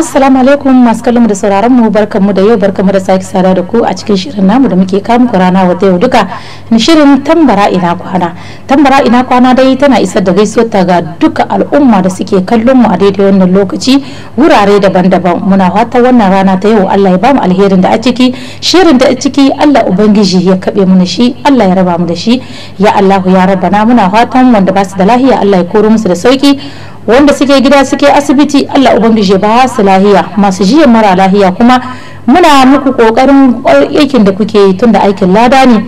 assalamu alaikum masu kallon da sauraron mu barkan mu da yau barkan mu da sake sada da ku a cikin shirin namu da muke kamu rana wata yau duka shirin tambara ina kwana tambara ina kwana dai tana isar da gaisuwa ta ga duka al'umma da suke kallon mu a daidai wannan lokaci wurare daban-daban muna fata wannan rana ta yau Allah ya bamu alherin da a ciki shirin da a ciki Allah ubangiji ya kabe mu shi Allah ya raba mu da shi ya Allah ya rabana muna fatan wanda ba su da lahiya Allah ya koro musu da sauki wanda suke gida suke asibiti allah ubangiji ba su lahiya masu jiya mara lahiya kuma muna muku kokarin aikin da kuke yi tunda aikin lada ne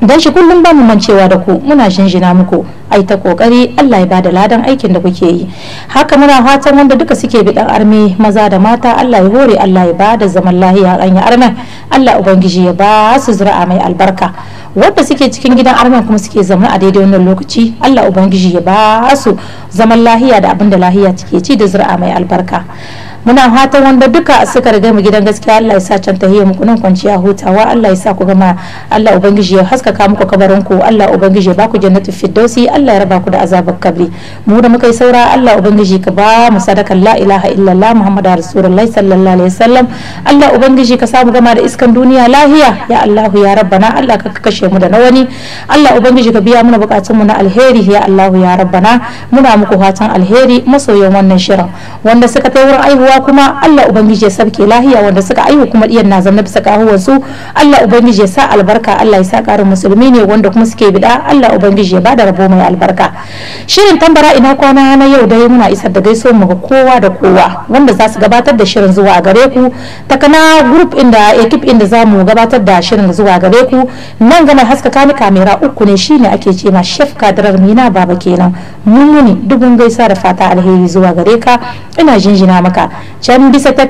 don shi kullum ba mu mancewa da ku muna shinjina muku ai ta kokari Allah ya ba da ladan aikin da kuke yi haka muna fatan wanda duka suke bi dan armi maza da mata Allah ya hore Allah ya ba da zaman lahiya an ya armen Allah ubangiji ya ba su zura'a mai albarka wanda suke cikin gidan armen kuma suke zama a daidai wannan lokaci Allah ubangiji ya ba su zaman lahiya da abin da lahiya take ci da zura'a mai albarka muna fatan wanda duka suka riga mu gidan gaskiya Allah ya sa can tahiyya muku nan kwanciya hutawa Allah ya sa ku gama Allah ubangiji ya haskaka muku kabarin ku Allah ubangiji ya baku jannatul firdausi Allah ya raba ku da azabar kabri mu da muka yi saura Allah ubangiji ka ba mu sadakan la ilaha illallah muhammadu rasulullahi sallallahu alaihi wasallam Allah ubangiji ka samu gama da iskan duniya lahiya ya Allah ya rabbana Allah ka kashe mu da na wani Allah ubangiji ka biya muna bukatun mu na alheri ya Allah ya rabbana muna muku fatan alheri masoyan wannan shirin wanda suka ta wurin aihu kowa kuma Allah ubangiji ya sabke lahiya wanda suka aihu kuma iyan na zanna bisa kahuwar su Allah ubangiji ya sa albarka Allah ya sa karin musulmi ne wanda kuma suke bida Allah ubangiji ya bada rabo mai albarka shirin tambara ina kwana na yau dai muna isar da gaisuwa mu ga kowa da kowa wanda za su gabatar da shirin zuwa gare ku ta kana group inda ekip inda za mu gabatar da shirin zuwa gare ku nan gana haska kani kamera uku ne shine ake ce ma chef kadarar mina baba kenan mun muni dubun gaisa da fata alheri zuwa gare ka ina jinjina maka can bisa ta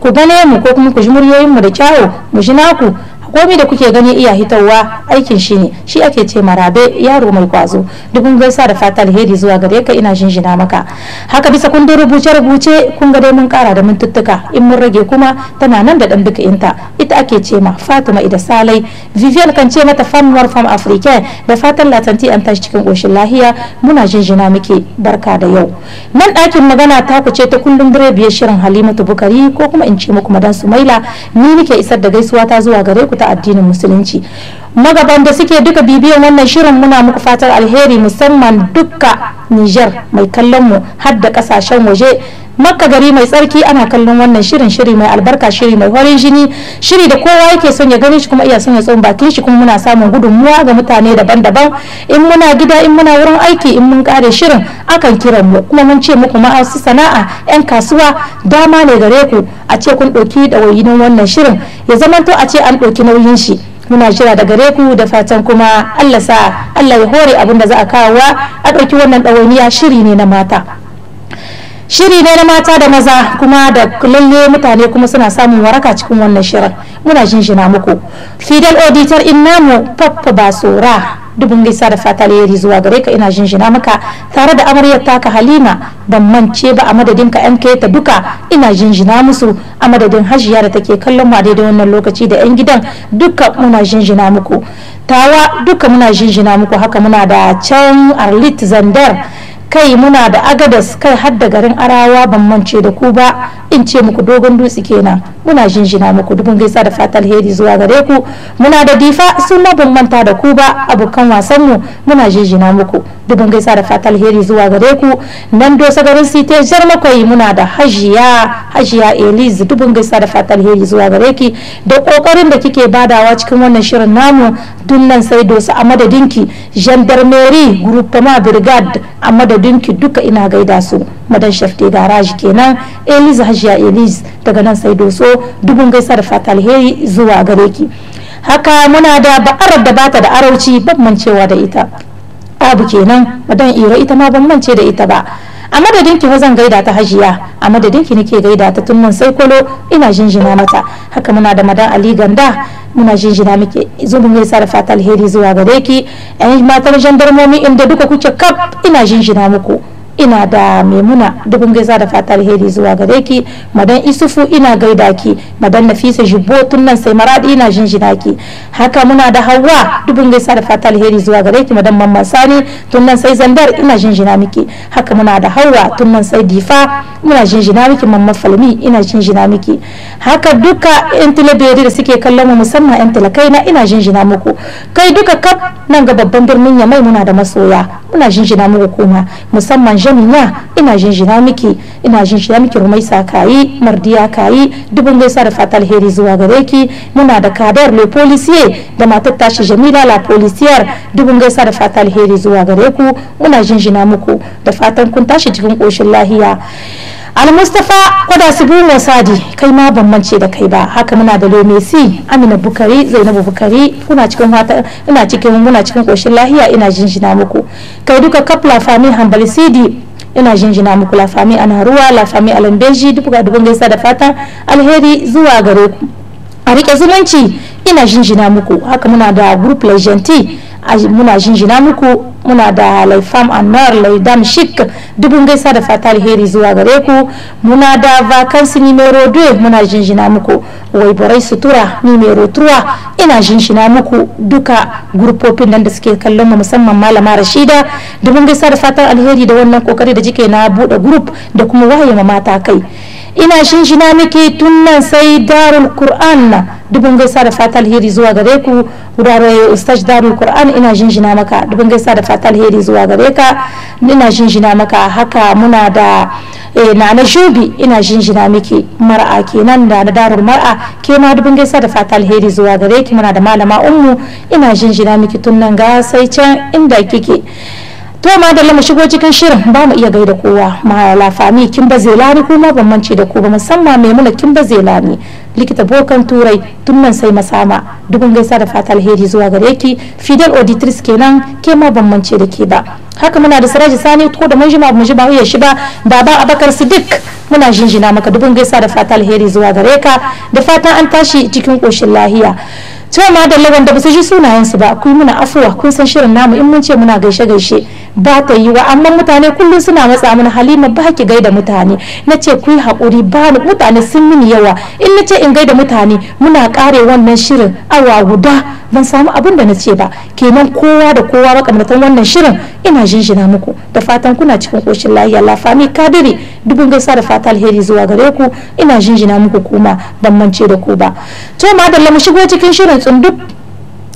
kudanem ko kuma ku muryoyin mu da kyawu mu ji naku komai da kuke gani iya hitowa aikin shi ne shi ake ce marabe yaro mai kwazo dubun gaisa da fata alheri zuwa gare ka ina jinjina maka haka bisa kun kundin rubuce rubuce kun ga dai mun kara da mintuttuka in mun rage kuma tana nan da dan duka inta ita ake ce ma Fatima Ida Salai Vivian kan ce mata fam war fam africain da fatan latanti an tashi cikin koshin lahiya muna jinjina muke barka da yau nan ɗakin magana ta ku ce ta kullum direbiyar shirin Halimatu Bukari ko kuma in ce muku madan Sumaila ni nake isar da gaisuwa ta zuwa gare ku ta addinin musulunci magaban da suke duka bibiyan wannan shirin muna muku fatar alheri musamman duka niger mai kallon mu har da kasashen waje makka gari mai tsarki ana kallon wannan shirin shiri mai albarka shiri mai horin jini shiri da kowa yake son ya gani shi kuma iya son ya tsohon bakin shi kuma muna samun gudunmuwa ga mutane daban-daban in muna gida in muna wurin aiki in mun kare shirin akan kiran mu kuma mun ce muku ma'asu sana'a 'yan kasuwa dama ne gare ku a ce kun ɗauki ɗawainin wannan shirin ya zamanto a ce an ɗauki nauyin shi muna jira da gare da fatan kuma Allah sa Allah ya hore abin da za a kawo a ɗauki wannan ɗawainiya shiri ne na mata shiri ne na mata da maza kuma da lalle mutane kuma suna samun waraka cikin wannan shirin muna jinjina muku fidel auditor in namu faffa basora dubin gaisa da fata alheri zuwa gare ka ina jinjina muka tare da amaryar taka halima ban mance ba a madadin ka mk ta duka ina jinjina musu a madadin hajiya da take kallon mu daidai wannan lokaci da yan gidan duka muna jinjina muku tawa duka muna jinjina muku haka muna da can arlit zandar kai muna da agadas kai har da garin arawa ban mance da ku ba in ce muku dogon dutse kenan muna jinjina muku dubun gaisa da fatal heri zuwa gare ku muna da difa sun ma ban manta da ku ba abokan wasan mu muna jinjina muku dubun gaisa da fatal heri zuwa gare ku nan dosa garin site jar makwai muna da hajiya hajiya eliz dubun gaisa da fatal heri zuwa gare ki da kokarin da kike badawa cikin wannan shirin namu dun nan sai dosa a madadinki gendarmerie groupement brigade a dinki duka ina gaida su madan shafte garage kenan eliz hajiya eliz daga nan sai doso dubun gaisa da fata zuwa gare ki haka muna da ba'arar da bata da arauci ban mancewa da ita abu kenan madan iro ita ma ban mance da ita ba a madadin ki zan gaida ta hajiya a madadin ki nake gaida ta tun mun sai kolo ina jinjina mata haka muna da madan ali ganda muna jinjina muke zubin yasa da ta alheri zuwa gare ki yan matar jandarmomi inda duka kuke kaf ina jinjina muku ina da maimuna dubin gaisa da fata alheri zuwa gare ki madan isufu ina gaida ki madan nafisa jibbo tun nan sai maradi ina jinjina ki haka muna da hawa dubin gaisa da fata alheri zuwa gare ki madan mamman sani tun nan sai zandar ina jinjina miki haka muna da hawa tun nan sai difa muna jinjina miki mamman falmi ina jinjina miki haka duka yan talabiyari da suke kallon mu musamman yan talakai na ina jinjina muku kai duka kaf nan ga babban birnin ya mai muna da masoya muna jinjina muku kuma musamman jamila ina jinjina miki ina jinjina miki rumaisa kayi mardiya kayi dubin gaisa da fatal heri zuwa gare ki muna da kadar le policier da matar tashi jamila la policier dubin gaisa da fatal heri zuwa gare ku muna jinjina muku da fatan kun tashi cikin koshin lahiya al almustafa kwada sibirin sadi kai ma ban mance da kai ba haka muna da lomesi amina bukari zainabu bukari kuna cikin wata ina cikin muna cikin koshin lahiya ina jinjina muku kai duka kap lafami hambali sidi ina jinjina muku lafami ana ruwa lafami alambeji duka dubun gaisa da fata alheri zuwa gare ku a rike zumunci ina jinjina muku haka muna da group legenti muna jinjina muku muna da laifam anwar laidam shik dubun gaisa da fata alheri zuwa gare ku muna da vacancy numero 2 muna jinjina muku waibarai sutura numero 3 ina jinjina muku duka gurfofin nan da suke kallon mu musamman malama rashida dubun gaisa da fatan alheri da wannan kokari da jike na bude group da kuma waye mata kai ina shinshina miki tun nan sai darul qur'an na dubin gaisa da fatal heri zuwa gare ku wurare ustaz darul qur'an ina shinshina maka dubin gaisa da fatal heri zuwa gare ka ina shinshina maka haka muna da eh, na na shubi ina shinshina miki mar'a kenan da na darul mar'a ke ma dubin gaisa da fatal heri zuwa gare ki muna da malama ummu ina shinshina miki tun nan ga sai can inda kike to ma da mu shigo cikin shirin ba mu iya gaida kowa la fami kin zelani kuma ban mance da ku ba musamman mulki kin ni likita bokan turai tun nan sai masama dubin gaisa da fata alheri zuwa gare ki fidel auditris kenan ke ma ban mance da ke ba haka muna da siraji sani ko da mun jima mu ji ba ya shi ba baba abakar siddiq muna jinjina maka dubin gaisa da fata alheri zuwa gare ka da fatan an tashi cikin koshin lahiya cewa ma da wanda ba su ji sunayensu ba kun muna afuwa kun san shirin namu in mun ce muna gaishe gaishe ba ta yi wa amma mutane kullum suna matsa mana halima ba ki gaida mutane na ce ku haƙuri ba ni mutane sun mini yawa in na ce in gaida mutane muna kare wannan shirin awa guda ban samu abin da na ce ba kenan kowa da kowa makamatan wannan shirin ina jinjina muku da fatan kuna cikin ƙoshin lafiya lafami kadiri dubin gaisa da fata alheri zuwa gare ku ina jinjina muku kuma ban mance da ku ba to madalla mu shigo cikin shirin tsunduk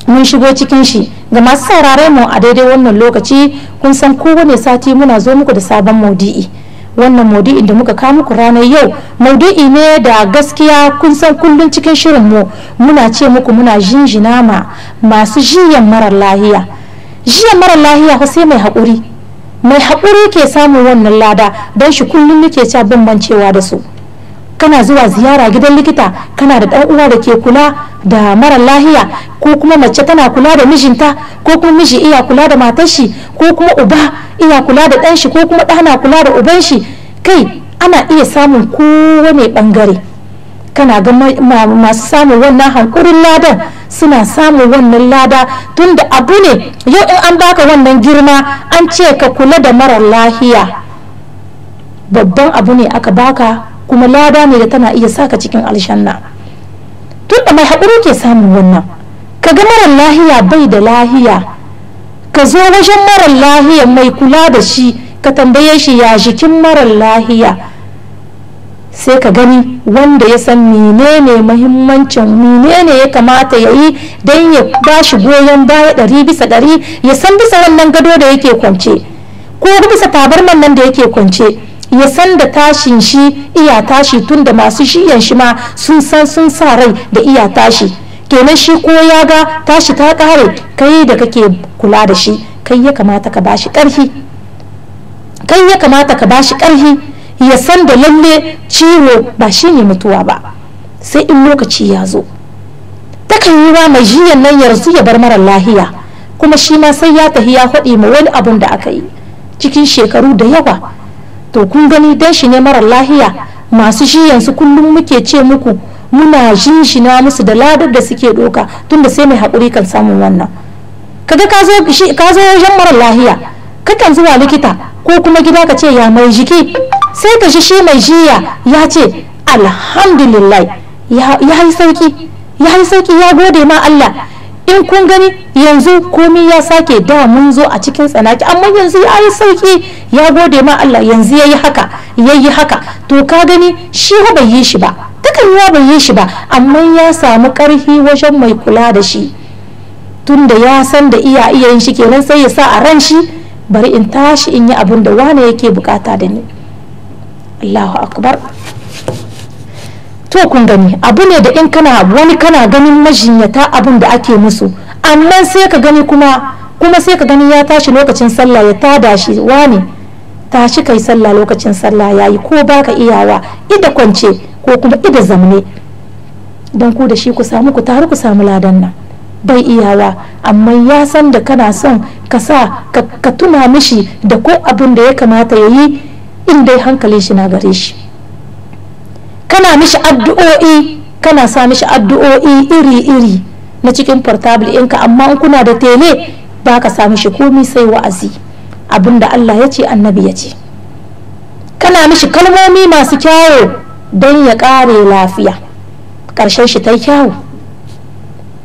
mun shigo cikin shi ga masu saurare mu a daidai wannan lokaci kun san kowane sati muna zo muku da sabon maudi'i wannan maudu'i da muka kawo muku ranar yau maudu'i ne da gaskiya kun san kullum cikin shirin mu muna ce muku muna jinjina ma masu jiyan marar lahiya jiyan marar lahiya sai mai haƙuri mai haƙuri ke samun wannan lada don shi kullum nake ca bambancewa da su kana zuwa ziyara gidan likita kana da ɗan uwa da ke kula da mara lahiya ko kuma mace tana kula da mijinta ko kuma miji iya kula da matar shi ko kuma uba iya kula da ɗan shi ko kuma ɗana kula da uban shi kai ana iya samun kowane ɓangare kana ga masu samun wannan hankurin ladan suna samun wannan lada tunda abu ne yau in an baka wannan girma an ce ka kula da marar lahiya babban abu ne aka baka kuma lada ne da tana iya saka cikin alshanna tunda mai haƙuri ke samun wannan ka ga marar lahiya bai da lahiya ka zo wajen marar lahiya mai kula da shi ka tambaye shi ya jikin marar lahiya sai ka gani wanda ya san menene mahimmancin menene ya kamata ya yi don ya ba shi goyon baya ɗari bisa ɗari ya san bisa wannan gado da yake kwance ko bisa tabarman nan da yake kwance ya san da tashin shi iya tashi tun da masu shiyan shi ma sun san sun sa rai da iya tashi kenan shi ko ya ga tashi ta kare kai da kake kula da shi kai ya kamata ka bashi ƙarfi kai karfi ya san da lalle ciwo ba shi ne mutuwa ba sai in lokaci ya zo takan yi wa mai jiyan nan ya rasu ya bar marar lahiya kuma shi ma sai ya tafi ya faɗi ma wani abun da aka yi cikin shekaru da yawa to kun gani dan shi ne mara lahiya masu jiyan su kullum muke ce muku muna na musu da ladar da suke doka tunda sai mai haƙuri kan samun wannan kaga ka zo wajen marar lahiya kakan zuwa likita ko kuma gida ka ce ya mai jiki sai ka shi shi mai jiya ya ce alhamdulillah ya yi sauki ya yi sauki ya gode ma Allah in kun gani yanzu komi ya sake da mun zo a cikin tsanaki amma yanzu ya yi sauki ya gode ma Allah yanzu ya yi haka ya yi haka to ka gani shi bai yi shi ba takan ya bai yi shi ba amma ya samu karfi wajen mai kula da shi tunda ya san da iya iyayen shi nan sai ya sa a ran shi bari in tashi in yi abin da wane yake bukata da ni Allahu akbar to kun gani abu ne da in kana wani kana ganin majinyata abun da ake musu amma sai ka gani kuma kuma sai ka gani ya tashi lokacin sallah ya tada shi wani tashi kai sallah lokacin sallah yayi ko baka iyawa ida kwance ko kuma ida zamne don ku da shi ku samu ku taru ku samu ladan nan bai iyawa amma ya san da kana son ka sa ka tuna mishi da ko abin da ya kamata ya yi in dai hankalin shi na gare shi kana mishi addu'o'i kana sa mishi addu'o'i iri-iri na cikin portable ɗinka amma in kuna da tele ba ka sa mishi komi sai wa'azi abin da Allah ya ce annabi ya ce kana mishi kalmomi masu kyawo don ya ƙare lafiya ƙarshen shi ta kyawu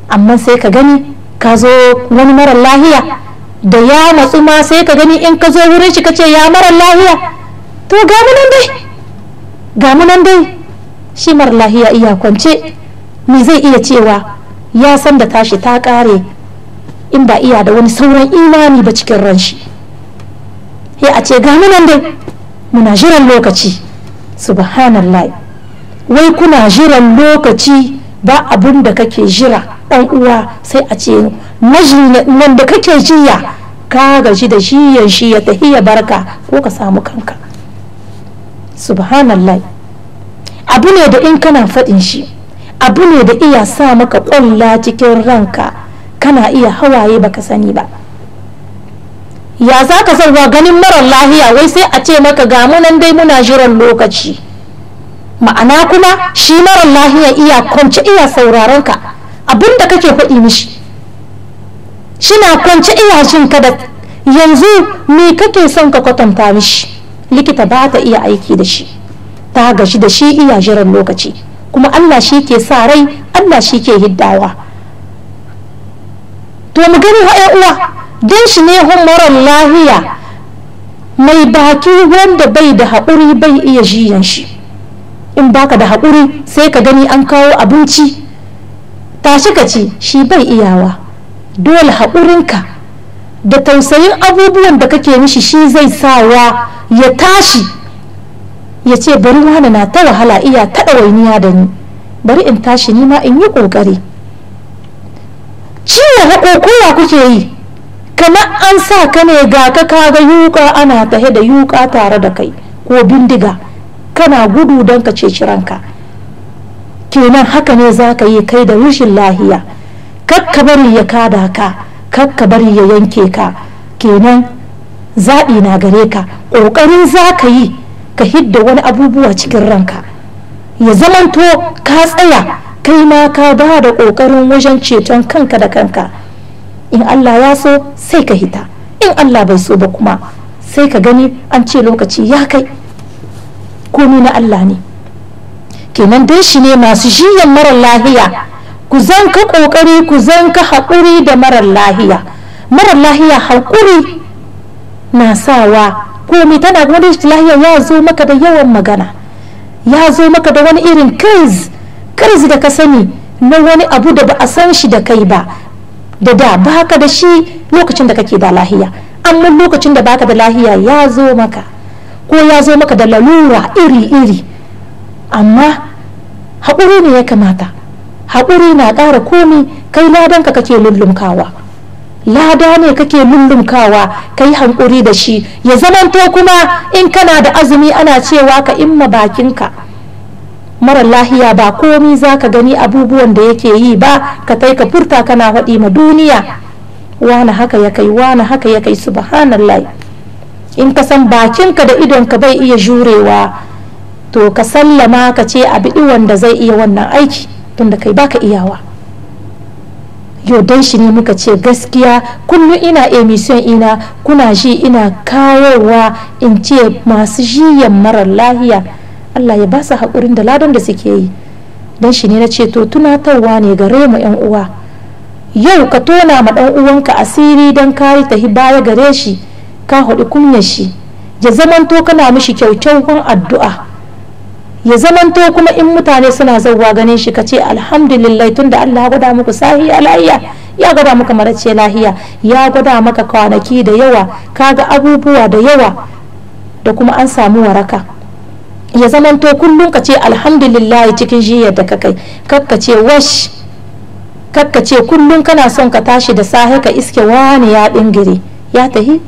amma sai ka gani ka zo wani marar lahiya da ya matsu ma sai ka gani in ka zo wurin shi ka ce ya marar lahiya to ga nan dai ga nan dai shi mara lahiya iya kwance me zai iya cewa ya san da tashi ta kare in ba iya da wani sauran imani ba cikin ran shi ya a ce ga nan dai muna jiran lokaci subhanallah wai kuna jiran lokaci ba abun da kake jira dan uwa sai a ce nan da kake jiya ka gaji da shiyan shi ya tahiya barka ko ka samu kanka subhanallah abu ne da in kana faɗin shi abu ne da iya sa maka ƙwalla cikin ranka kana iya hawaye baka sani ba ya za ka sarwa ganin marar lahiya wai sai a ce maka ga munan dai muna jiran lokaci ma'ana kuma shi marar lahiya iya kwance iya sauraron ka abin da kake faɗi mishi shi na kwance iya shinka da yanzu me kake son ka kwatanta mishi likita ba ta iya aiki da shi ta gashi da shi iya jiran lokaci kuma Allah shi ke sa rai Allah shi ke hiddawa to mu gani ha uwa din shi ne moral lahiya mai baki wanda bai da haƙuri bai iya jiyan shi in baka da haƙuri sai ka gani an kawo abinci tashi ka ci shi bai iyawa dole haƙurinka da tausayin abubuwan da kake mishi shi zai sawa ya tashi ya ce bari wani na ta wahala iya ta ɗawainiya da ni bari in tashi nima in yi ƙoƙari ciwon haƙoƙowa kuke yi kamar an sa ka ne ga ka kaga yuƙa ana tahe da yuƙa tare da kai ko bindiga kana gudu don ka ceci ranka kenan haka ne za ka yi kai da rushin lahiya kakka bari ya kada ka kakka bari ya yanke ka kenan zaɓi na gare ka ƙoƙarin za ka yi ka hidda wani abubuwa cikin ranka ya zamanto ka tsaya kai ma ka ba da ƙoƙarin wajen ceton kanka da kanka in allah ya so sai ka hita in allah bai so ba kuma sai ka gani an ce lokaci ya kai komi na allah ne kenan dai shi ne masu jiyan mara lahiya ku zanka kokari ku zanka haƙuri da marar lahiya marar lahiya haƙuri na sawa komai tana kuma wani lahiya ya zo maka da yawan magana ya zo maka da wani irin kriz kriz da ka sani na wani abu da ba a san shi da kai ba da da ba baka da shi lokacin da kake da lahiya amma lokacin da baka da lahiya ya zo maka ko ya zo maka da lalura iri-iri amma haƙuri ne ya kamata haƙuri na ƙara komi kai ladanka kake lullumkawa lada ne kake lullumkawa kai hankuri da shi ya zamanto kuma in kana da azumi ana cewa ka imma bakinka mara lahiya ba komi za ka gani abubuwan da yake yi ba ka kai ka furta kana haɗi ma duniya wani haka ya kai wani haka ya kai subhanallah in ka san bakinka da idonka bai iya jurewa to ka sallama ka ce abi da zai iya wannan aiki tunda kai baka iyawa yau shi ne muka ce gaskiya kullum ina emission ina kuna shi ina kawowa in ce masu jiyan marar lahiya Allah ya ba su haƙurin da ladan da suke yi don shi ne na ce to tunatarwa ne gare mu yan uwa yau ka tona ma ɗan uwanka asiri don kayi tahi baya gare shi ka haɗu kunyar shi ya zamanto kana mishi kyaukyawan addu'a ya zamanto kuma in mutane suna zauwa ganin shi kace ce alhamdulillah tunda Allah ya gwada muku sahiya lahiya ya gwada maka marace lahiya ya gwada maka kwanaki da yawa kaga abubuwa da yawa da kuma an samu waraka ya zamanto kullum ka ce alhamdulillah cikin jiyar da kakai kai kakka ce wash kakka ce kullum kana son ka tashi da sahi ka iske wani ya dingire ya tahi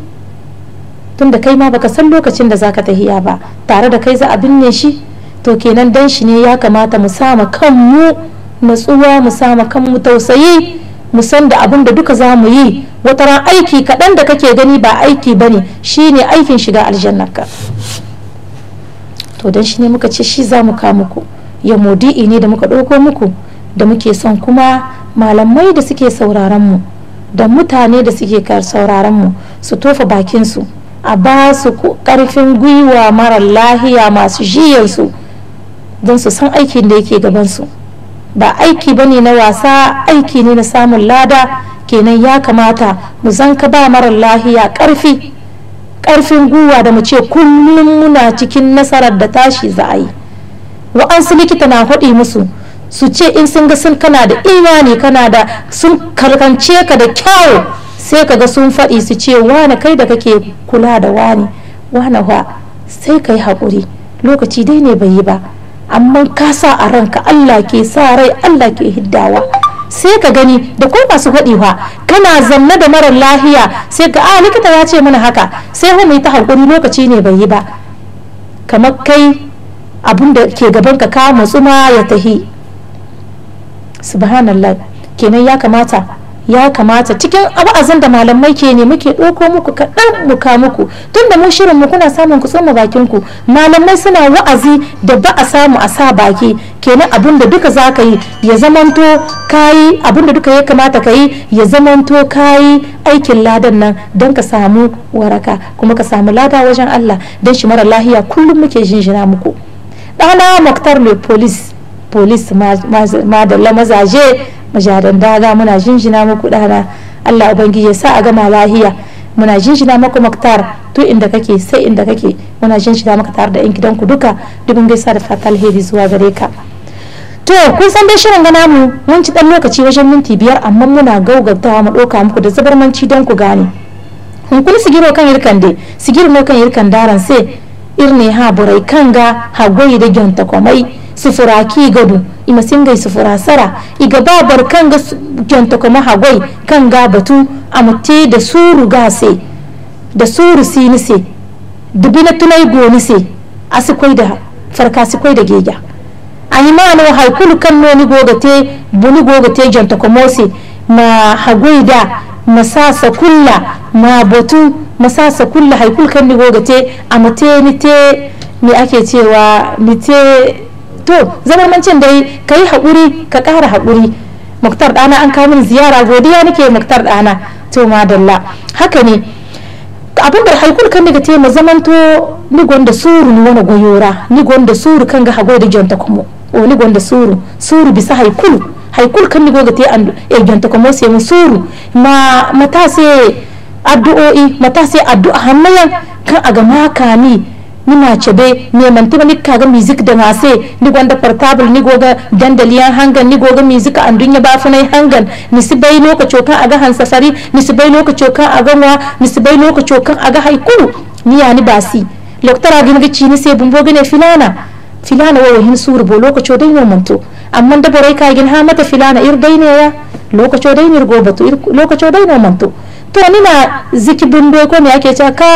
tunda kai ma baka san lokacin da zaka tahiya ba tare da kai za a binne shi to kenan dan shi ne ya kamata mu sama kanmu natsuwa mu sama kanmu tausayi mu san da abin da duka za mu yi wata ran aiki kaɗan da kake gani ba aiki ba ne shi ne aikin shiga aljannarka to dan shi ne muka ce shi za mu kama ku ya modi'i ne da muka ɗauko muku da muke son kuma malamai da suke sauraron mu da mutane da suke sauraron mu su tofa bakinsu a ba su ƙarfin gwiwa mara lahiya masu su. don su san aikin da yake gabansu ba aiki bane na wasa aiki ne na samun lada kenan ya kamata mu zanka ba marar lahiya karfi karfin guwa da mu ce kullum muna cikin nasarar da tashi za a yi wa'ansu likita na haɗi musu su ce in sun ga sun kana da imani kana da sun karkance ka da kyau sai ka ga sun faɗi su ce wane kai da kake kula da wane wane wa sai ka yi haƙuri lokaci dai ne bai yi ba amma ka sa a ranka Allah ke sa rai Allah ke hiddawa sai ka gani da ko masu haɗewa kana zanne da marar lahiya sai ka a ah, likita ya ce mana haka sai mu yi ta hankuri lokaci ne bai yi ba kamar kai abun da ke gaban ka ka matsuma ya tahi subhanallah kenan ya kamata ya kamata cikin wa'azin da malamai ke ne muke ɗauko muku kaɗan muka muku tun da mu shirin mu kuna samun ku tsoma bakin ku malamai suna wa'azi da ba a samu a sa baki kenan abin da duka za ka yi ya zamanto kayi abin da duka ya kamata ka yi ya zamanto kayi aikin ladan nan don ka samu waraka kuma ka samu lada wajen Allah don shi mara lahiya kullum muke jinjina muku ɗana maktar mai polis polis madalla mazaje majadan daga muna jinjina muku dana Allah ubangiji ya sa a gama lahiya muna jinjina muku maktar tu inda kake sai inda kake muna jinjina maka tare da yan gidanku duka dubin gaisa da fatal hedi zuwa gare ka to kun san dai shirin gana mu mun ci dan lokaci wajen minti biyar amma muna gaugantawa mu doka muku da manci don ku gane kun kun sigiro kan yirkan dai sigiro kan yirkan daran sai irne ha burai kanga ha goyi da gyonta komai sufura ki gado ima singai sufura sara iga babar kanga gyonta koma ha goyi kanga batu amute da suru gase da suru sinise dubina tunai goni se asikwai da farka asikwai da gega animano haikulu kan te gogate bunu gogate janta komosi ma hagoida masasa kulla ma botu masasa kulla haikulu kan ni gogate amate ni te ni ake cewa ni te to zaman mancin dai kai haƙuri ka ƙara haƙuri muktar ɗana an kawo min ziyara godiya nake muktar ɗana to madalla haka ne abin da haikul kan daga tema zamanto ni gonda suru ni wani goyora ni gonda suru kan ga hago jonta kuma oli gonda suru suru bisa haikulu haikul kan ni goga te andu e jonta ko mose mu suru ma mata se addu'o'i mata se addu'a hannayan kan aga makani nina cebe ne man tiba ni kaga music da ngase ni gonda portable ni goga dandaliyan hangan ni goga music an dunya ba funai hangan ni si bai lokaci kan aga hansa sari ni si bai lokaci kan aga wa ni si bai lokaci kan aga haikulu ni ya ni basi loktara gin gici ni se bumbo gine filana filana wa hin suru bo lokaco dai no manto amma da borai ka gin ha mata filana ir dai ne ya lokaco dai ne go batu lokaco dai no manto to na ziki bindo ko me ake cewa ka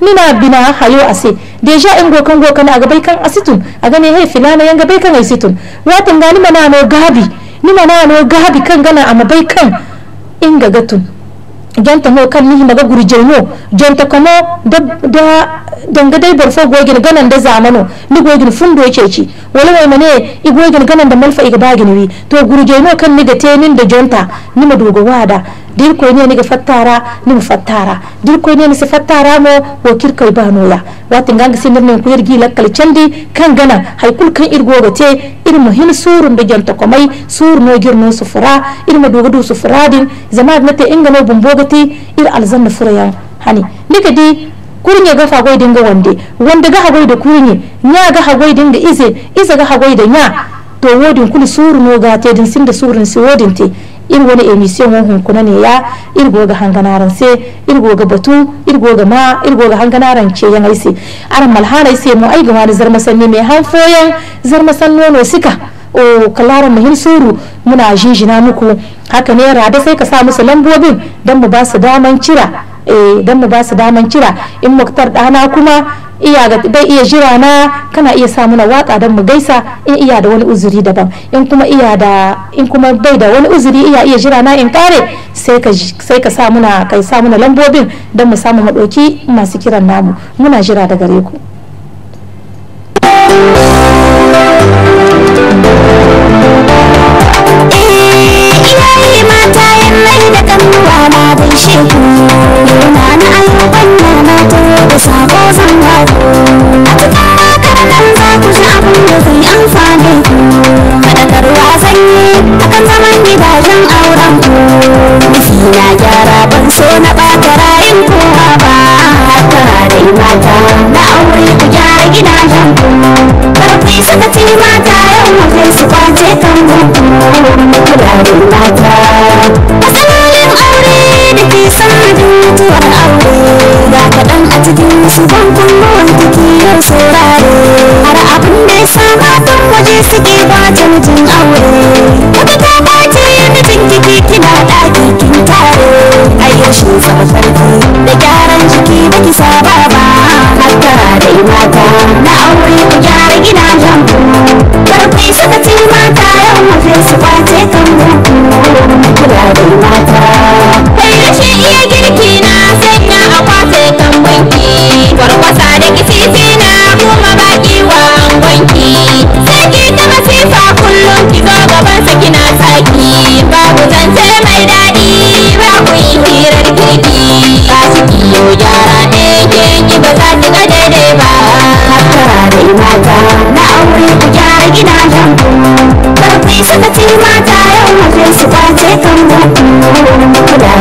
ni na bina hayo ase deja in go kan go kan aga bai kan asitun aga ne he filana yanga bai kan asitun watan gani mana no gabi ni mana no gabi kan gana amma bai kan in ga gatun jonta mo kan ni maga gurjeno jonta komo da da donga dai borfo gogin ganan da zamano ni gogin fundo yake ci wala wai mane i gogin ganan da malfa iga bagin wi to gurje no kan ni ga tenin da jonta ni ma dogo wada dir koy ne ni ga fattara ni mu fattara dir koy ne ni su fattara mo wo kirkai ba noya watin ganga sinir ne kuyar gi lakkal candi kan gana hay kul kan irgo ga te ir mu surun da jonta mai sur no gir no ir ma dogo du sufuradin zama na te ingano bumbo ir alzan ir alzanna furayan hani ni di kurnye ga gwai dinga wande wanda ga hagwai da kurnye nya ga hagwai dinga ise ize ga hagwai da nya to wodin kul suru no ga te din sinda surun si wodin te in wani emission won hun ne ya in goga hanganaran se in goga batu in goga ma in goga hanganaran ce yan aise aran malhara ise mu ai ga wani zarmasan mai hanfoyan zarmasan nono sika o kalara muhim suru muna jinjina muku haka ne rada sai ka sa musu lambobin don mu ba su daman cira eh don mu ba su daman cira in muktar dana kuma iya ga bai iya jira na kana iya sa muna waka don mu gaisa in iya da wani uzuri daban in kuma iya da in kuma bai da wani uzuri iya iya jira na in kare sai ka sai ka sa muna kai sa muna lambobin don mu samu madoki masu kiran namu muna jira da gare ku iyaye mata yan mai da kanuwa na gaishe ku na na ayyukan na na da sako zan hako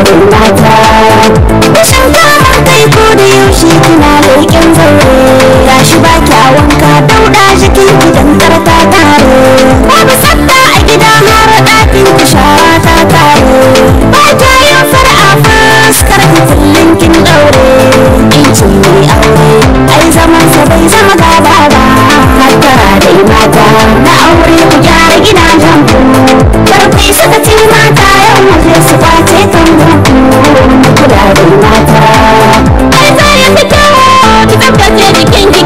burin mata Shin kamar kai da yaushe kina leƙen zaure Gashi ba kya wanka dauɗa jikin gidan karta tare Babu sabba a gida har ɗakin ku shara ta tare Ba ta yin fara'a fuskar ki kullum kin daure In ce mai aure ai zaman sa bai zama gaba ba Hattara dai mata na aure ku gyara gidajen ku ce da jikin jiki mai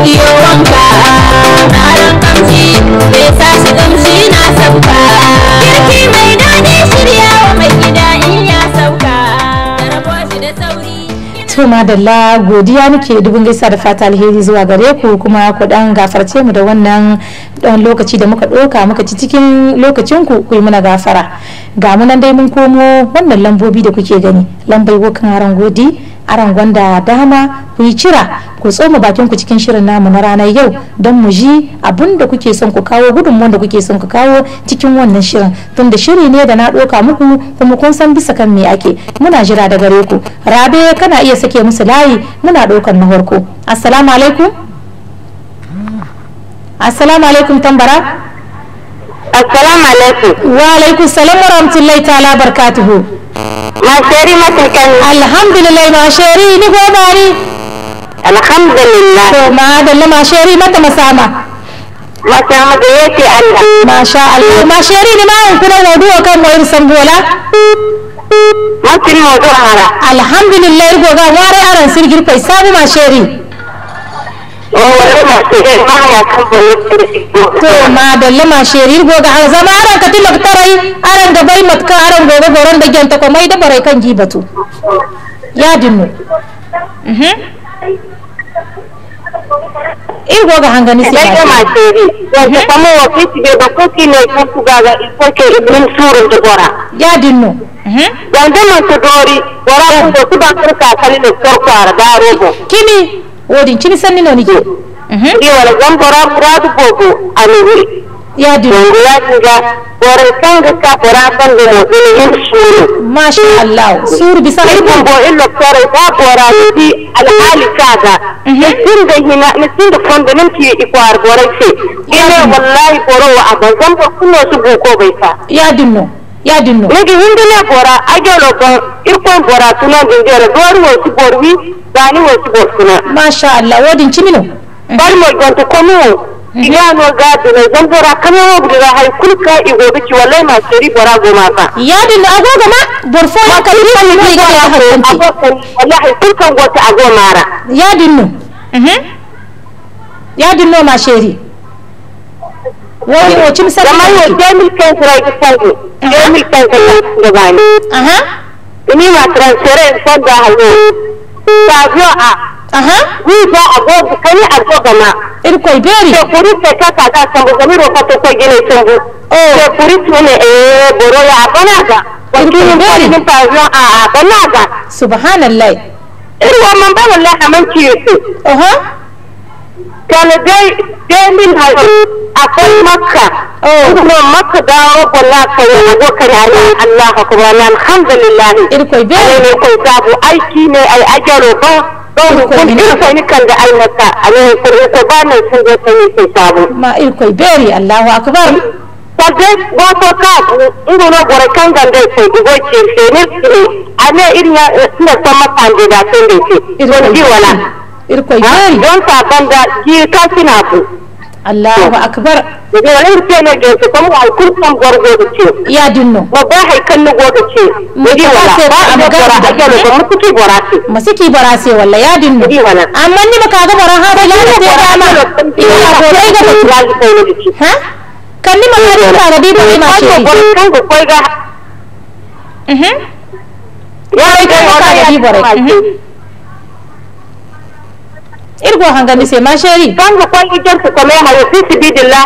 gida in sauka da madalla godiya nake dubin gaisa da fata alheri zuwa gare ku kuma ku dan gafarce mu da wannan dan lokaci da muka doka muka ci cikin lokacin ku ku yi muna gafara ga mu nan dai mun komo wannan lambobi da kuke gani lambai wokan aran godi aran gwanda dama ku yi cira ku tsoma bakin ku cikin shirin namu na ranar yau don mu ji abin da kuke son ku kawo gudunmuwan da kuke son ku kawo cikin wannan shirin tunda shiri ne da na doka muku kuma kun san bisa kan me ake muna jira da gare ku rabe kana iya sake musu layi muna dokan na farko assalamu alaikum assalamu alaikum tambara assalamu alaikum wa alaikum salam wa rahmatullahi ta'ala barakatuhu ma sheri ma yi. alhamdulillah ma sheri ni go bari alhamdulillah to ma dalla ma sheri mata masama ma sha ma da yake Allah ma sha Allah ma sheri ni ma in kuna wudu kan wayar sambola ma kiri wudu ara alhamdulillah go ga ware aran sirgir kai sabu ma sheri to mhm. mhm. mhm. ma dalle ma sherir goga an zama aran ka tilak aran ga matka aran goga goron da genta ko mai da barai kan jibatu ya dinno mhm irgoga hangani sigadinno gandema todori wara ko kudan kurka kalino sorko ar darobo kini wodin cini sanni no nije mhm wala zamba gambara buradu bogo anuri ya di ngo ya tinga bore tanga ka bora bande mo ni hin suru masha allah suru bisa ai bombo illo kare ba bora di al hali kaga tin da hina ni tin da fundament ki ikwar bore ce ina wallahi koro wa aban gamba kuno su boko bai fa ya dinno yadinno nigi hindine bora ajolo bon irkon bora sunon ɗum jere doori wo si bor wi wo suna machallah wodin cimino balmol gonto komi o iyano gadino jon bora kame wobdira hay kulka i goɓeci wallay ma seri bora goma fa yadinno agogo ma wallahi ago mara mhm. ma sheri. wani wacin sarki kamar yau jamil kansu rai kansu jamil kansu da gani ini ma transferen sanda hayo sabio a wiba agogo kani agogo ma ir koy beri to kurite kaka da sambo zamiro kato koy gele sambo oh. to kurite ne e boro ya abanaga wakini beri ni pavio a abanaga subhanallah ir wa mambalo la amanci yusu aha talidai damin hayo akwai makka oh. kuma makka gawo gwala kare ago kare ala allah akbar na alhamdulillah irkoi be ne ko sabu aiki ne ai ajaro ba don kun irkoi ni kan da almaka ale ko ko ba nan sun ga sai sai sabu ma irkoi beri allahu akbar sabbe ba to ka ingo no gore kan gande ko dugo ce ne ane irin ya suna san mata da sun da ce irkoi wala irko yi don sakon da ki ka kina bu Allahu akbar da wani rufe na gaisu kuma al kurkan gorgo da ce ya dinno ba hay go da ce miji wala ba a magana da ke da mu ya dinno amma ni maka ga ha da ya da ina ko ga ha kan ni maka mhm. da da ma ce kan go koi ga mhm ya dai ga da إرجو هنغنسي ما شاري كان كل جنس كلها يفيد بيد الله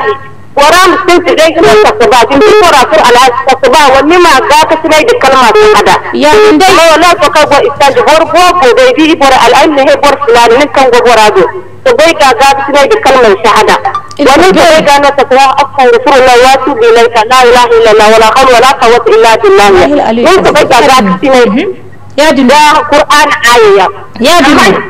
ورام سنت دين كما تصبا جنت ورا كل على تصبا ونما قاك سناي دي كلمات هذا يا من دي هو لا تقوى استاج بور بور بيدي بور الان هي بور فلان نكن غورادو تبي كا قاك سناي دي كلمه شهاده ومن ذلك أن تقوى أكثر رسول الله واتوب إليك لا إله إلا الله ولا حول ولا قوة إلا بالله من تبي كا قاك سناي يا دنيا قرآن آية يا دنيا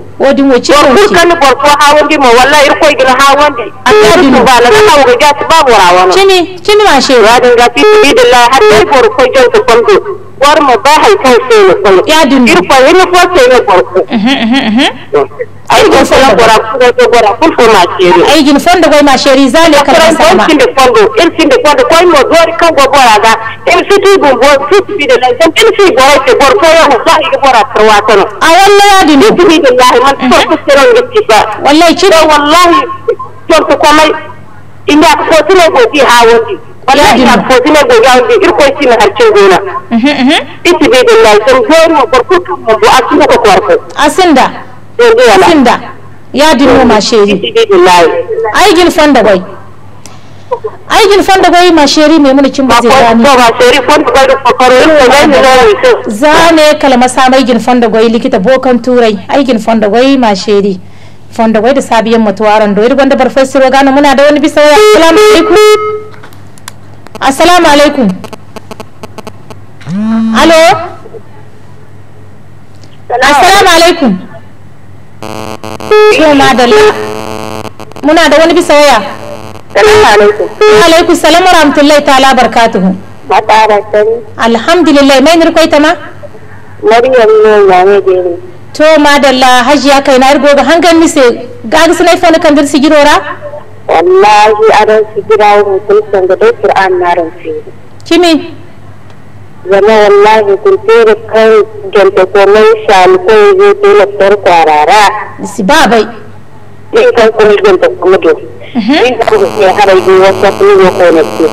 wodi mo ci ko kan bor ko hawandi mo wallahi ir koy gina hawandi allah du bala na hawo ga jati ba bora wala cini cini ma she wa dinga fi bidillah hatta bor ko jonto kondo war mo ba hay kan se ko ya dun ir koy ni ko se ni bor ay gin fonda gora ko gora ful fo ma sheri ay gin fonda ma zale ka ta sama kin de fondo el kin de fondo mo dori kan go bora ga in fiti bu bo fiti bi de nan in fi gora te gor ko ya hubba ga bora tarwa kono a wallahi adin bi billahi man to ko sero ngi ba wallahi ci wallahi to ko komai inda ko tire ko ti hawati wallahi na ko tire go ga ndi ir ko na harcin gona mhm mhm iti bi billahi san gor mo gor ko mo bu asinda ko ko asinda da ya dinno ma sheri aigin fonda gwai aigin fonda gwai ma mai muni cin bazai gani zane kalma samu aigin fonda gwai likita bokan turai aigin fonda gwai ma sheri gwai da sabiyan matuwaran doyar gwanda barfai siro gano muna da wani bisa waya assalamu alaikum assalamu alaikum alo assalamu alaikum Yau da Muna da wani bisa waya. Salamu alaikum. Alaikum salam wa rahmatullahi ta'ala barakatuhu. Alhamdulillah mai nirkwai ta ma? Maryam ne ya ne gere. To Haji ya kai na irgo ga hangan mise ga sunai fa kan dirsi girora? Wallahi aran su gira wurin sun san da dai Qur'an na ran Kimi? zama wallahi kulfere kan gyantato mai shani ko yi zai telaftar kwarara. Disi ba bai. Zai kan kuma gyantato mudu. Zai kuma ya harai biyu wata kuma ya kone su.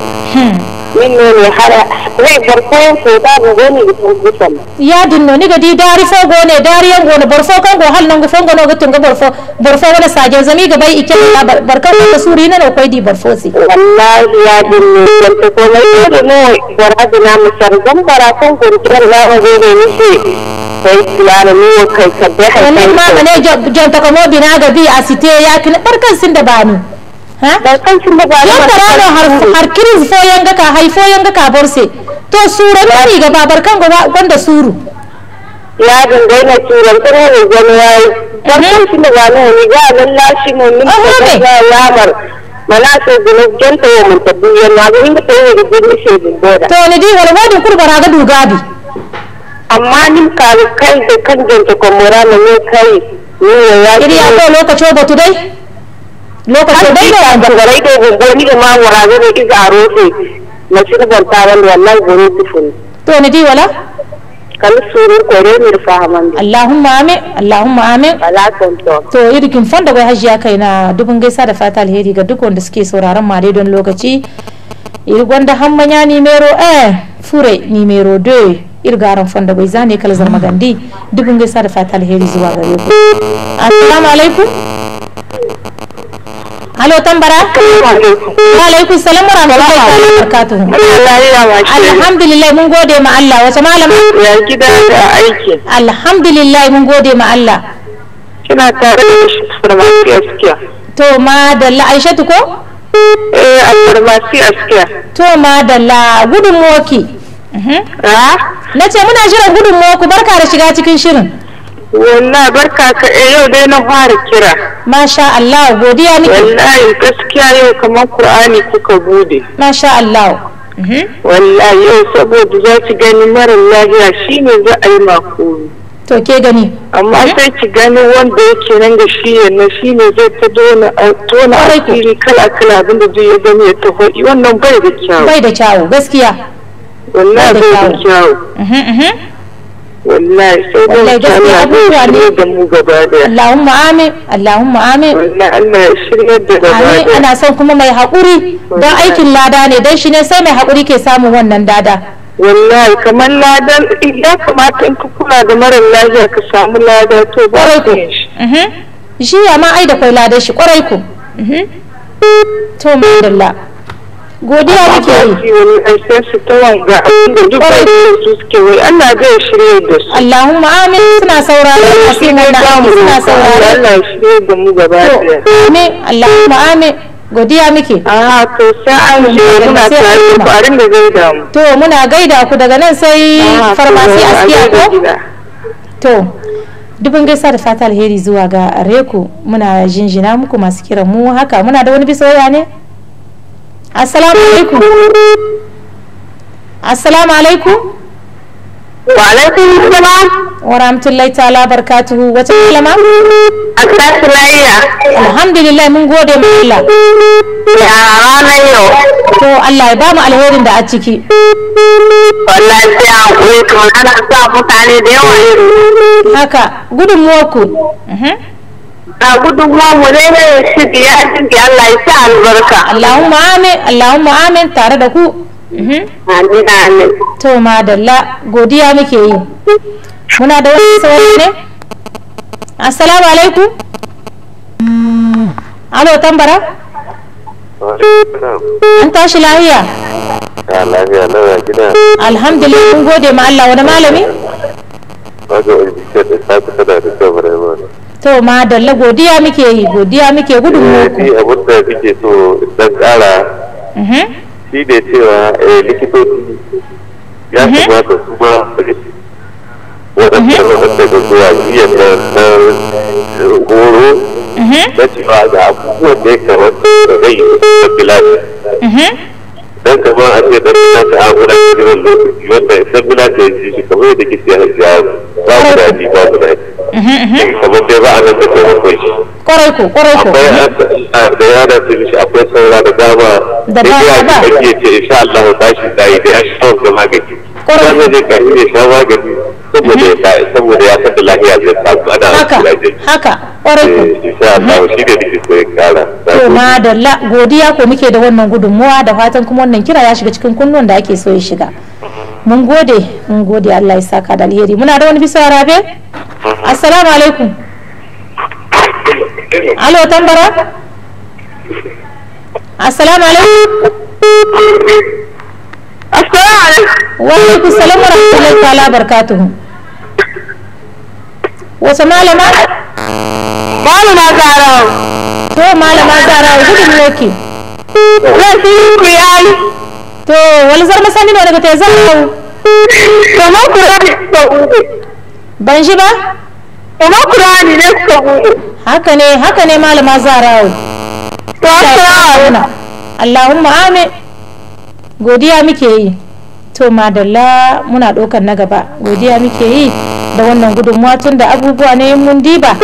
minnoni hara ne barfo to da goni gutan ya dinno ni gadi dari fo gone dari yan gone barfo kan go hal nan go fongo no gutun go barfo barfo wala saje zami ga bai ike barkan ko suri na ko di barfo si wallahi ya dinno to ko mai da no wara da na musar zan bara kan go ran la o go ne ni kai tiyana ni kai sabbe hai kai ma ne jom ta ko mo bina ga bi asite ya kin barkan sin da bani yankarano har kirin fo yanga ka borse to sura mari ga babar kan gonda suru ya dinga na suran ne gwani yayi dan shi da wani ne ga lalla shi mun min da lamar mana so gulu janta ya mun tabbi yan na ga inda tayi da gudu shi boda to ne di wal kurbara ga dugabi amma nim ka kai da kan janta ko mura ne kai ni ya ya to lokacin batu dai lokacin da ya ga garai ke gungoni da ma wurazo da iza a rofe na shirgan taron wannan gori tufun to ni di wala kan surun kore mi rufa hamandi allahumma amin allahumma amin alakum to to irkin fanda gwai hajiya kai na dubun gaisa da fata alheri ga duk wanda suke sauraron mare don lokaci irgonda hammanya nimero eh fure nimero 2 irgaran fanda bai zane kalzar magandi dubin gaisa da fata alheri zuwa gare ku assalamu alaikum alo tambara alaikum salam wa rahmatullahi wa barakatuh alhamdulillah mun gode ma Allah wace malama ya gida da aiki alhamdulillah mun gode ma Allah kina tare da shi farmasi askiya to ma Aishatu ko eh a farmasi askiya to ma gudun moki mhm. ah? na ce muna shirin gudun moku barka da shiga cikin shirin Wallah barka ka eh, yau dai na fara kira. Masha Allah godiya miki. Wallahi gaskiya yau kamar Qur'ani kuka gode. Masha Allah. Mhm. Wallahi yau saboda za ki gani mara lafiya shine za a yi makoni. To ke gani. Amma mhm. sai ki gani wanda yake nan da shi yana shi ne zai ta tona asiri kala kala abinda zai ya gani ya taho wannan bai da kyawu. Bai da kyawu gaskiya. Wallahi bai da kyawu. wallahi sai dai abubuwa ne Allahumma amin Allahumma amin Allah ya ana son kuma mai hakuri don aikin lada ne don shi ne sai mai hakuri ke samun wannan dada wallahi kamar ladan ya kamata in kula da mara lafiya ka samu lada to ba ku shi mhm. ya ma ai da kai ladan shi kwarai ku mhm. to madalla godiya muke yi ta wanga da duk su suke wai Allah zai da su Allahumma amin suna sauraron asirin Allah suna sauraron Allah da mu gaba da amin Allahumma amin godiya muke a to sai an je muna tare ku a rinda gaida mu to muna gaida ku daga nan sai farmasi askiya ko to dubin gaisa da fatal alheri zuwa ga reku muna jinjina muku masu kiran mu haka muna da wani bisa ne assalamu alaikum assalamu alaikum wa alaikum salam wa rahmatullahi ta'ala barakatuhu wace kalama assalamu alaikum alhamdulillah mun gode mu Allah ya ranar yau to Allah ya ba mu alherin da a ciki wallahi sai a kuma to ana sa mutane da yawa haka gudunmuwar ku mhm. a gudunmu ne ne shi biya jinki Allah ya sa albarka. Allahumma amin Allahumma amin tare da ku. Mhm. Amin amin. To madalla godiya muke yi. Muna da wani sauri ne? Assalamu alaikum. Alo tambara? An tashi lahiya? Ah, ya gida. Alhamdulillah mun gode ma Allah wani malami? Wajen ojiji ce da ta kusa da ta to ma dalla godiya muke yi godiya muke gudun eh, muku eh abin da kike so dan kara mhm. shi da cewa eh, likitoci ya mhm. kamata su ba waɗanda waɗanda mhm. da na eh, horo cewa ga abubuwan da ya kamata da zai yi dan kama a ce dan na ta amura da jiran lokaci wanda shi kamar yadda kike ba guda ba sababbi eh, ba a nan da taimakon shi kwarai ko kwarai ko akwai da ya da su shi akwai saura da dama da ba ba da ke ce insha Allah ba shi da ya shi da magani kwarai da je kai ne magani saboda ya mhm. saboda ya zai ana haka haka kwarai ko eh, insha Allah mhm. shi da dake so ya kara to madalla godiya ko muke da wannan gudunmuwa da fatan kuma wannan kira ya shiga cikin kunnuwan da ake so ya shiga mun gode mun gode Allah ya saka da alheri muna da wani bisa rabe assalamu alaikum alo tambara assalamu alaikum assalamu alaikum wa alaikum assalam wa rahmatullahi ta'ala barakatuhu wasu malama malama zarawa to malama zarawa gudun yoki zai fi yi to wani zarma sani ne daga tezan hau kuma kurani suka uku ban shi ba kuma kurani ne suka uku haka ne haka ne malama zarawo to assalamu Allahumma amin godiya muke yi to madalla muna ɗaukar na gaba godiya muke yi da wannan gudunmuwa tun da abubuwa ne mun diba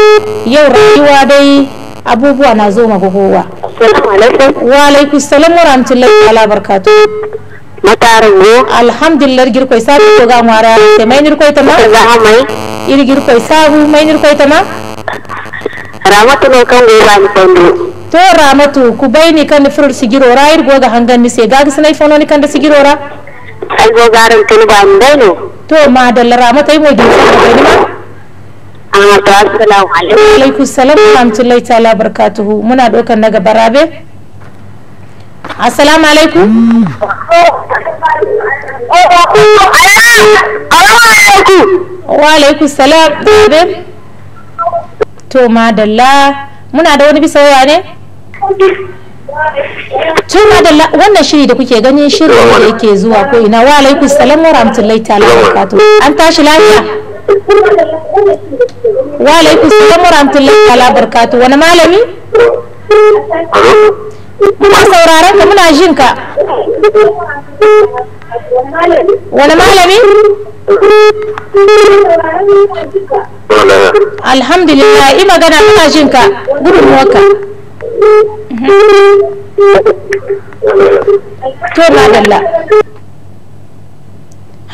yau rayuwa dai abubuwa na zo maka kowa assalamu alaikum wa alaikum salam wa rahmatullahi wa barakatuh mataran yo alhamdulillah girkoy sabu to ga mara te mai nirkoy tama za mai ir girkoy sabu mai nirkoy tama ramatu no kan go ban tondo to ramatu ku bayni kan firul sigiro ra ir go ga hangan ni se ga gisnai fono ni kan da sigiro ra ai go garan tun ban dai no to ma dalla ramatu ai mo gi sa ga ni ma alaikum salam rahmatullahi ta'ala barakatuhu muna dokan na gaba assalamu alaikum wa alaikum salam to madalla muna da wani bisa waya ne to madalla wannan shiri da kuke ganin shiri da yake zuwa ko ina wa alaikum salam ta'ala barakatuhu an tashi lafiya وعليكم السلام ورحمة الله تعالى وبركاته وانا معلمي ما سورارك من عجينك وانا معلمي الحمد لله إما إيه قنا من عجينك قلوا موكا توب هذا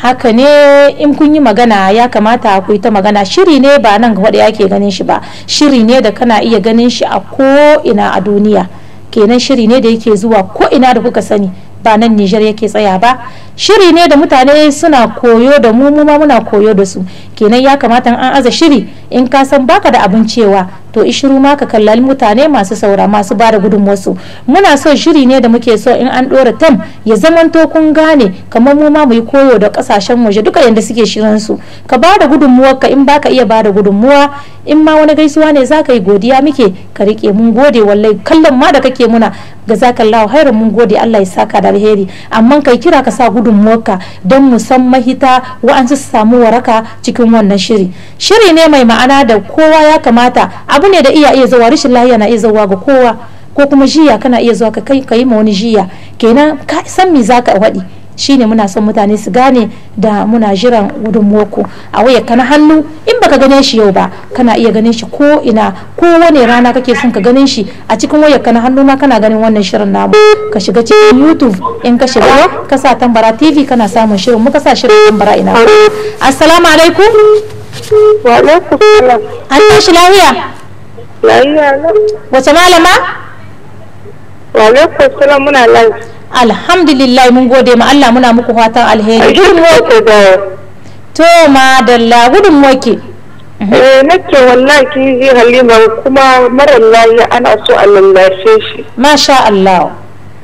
haka ne in kun yi magana ya kamata ku yi ta magana shiri ne ba nan ga ya ke ganin shi ba shiri ne da kana iya ganin shi a ko ina a duniya kenan shiri ne da yake zuwa ko ina da kuka sani ba nan Nijar yake tsaya ba shiri ne da mutane suna koyo da mu mu ma muna koyo da su kenan ya kamata an aza shiri in ka san baka da abin cewa to ishiru ma ka kallal mutane masu saura masu bada su muna so shiri ne da muke so in an dora tam ya zamanto kun gane kamar mu ma mu yi koyo da kasashen waje duka yanda suke shirin su ka bada gudunmawa ka in baka iya bada gudunmuwa in ma wani gaisuwa ne za ka yi godiya muke ka rike mun gode wallahi kallon ma da kake muna ga zaka lawo hairan mun gode Allah ya saka da alheri amma kai kira ka sa gudun gudunmuwarka don mu san mahita wa'ansu su samu waraka cikin wannan shiri shiri ne mai ma'ana da kowa ya kamata abu ne da iya iya zuwa rashin lahiya na iya zuwa ga kowa ko kuma jiya kana iya zuwa ka kai ka yi ma wani jiya kenan ka san me zaka waɗi shine muna son mutane su gane da muna jiran gudunmuwarku a ka kana hannu in baka gane shi yau ba kana iya ganin shi ko ina ko wani rana kake son ka ganin shi a cikin wayar kana hannu ma kana ganin wannan shirin namu ka shiga cikin youtube in ka shiga ka sa tambara tv kana samun shirin muka sa shirin tambara ina assalamu alaikum wa alaikum an shi lahiya lahiya wace malama wa alaikum salam muna lafiya alhamdulillah mun gode ma Allah muna muku fatan alheri to madalla gudun wake mhm. eh nake wallahi ki halima kuma mara lafiya ana so a lallashe shi masha Allah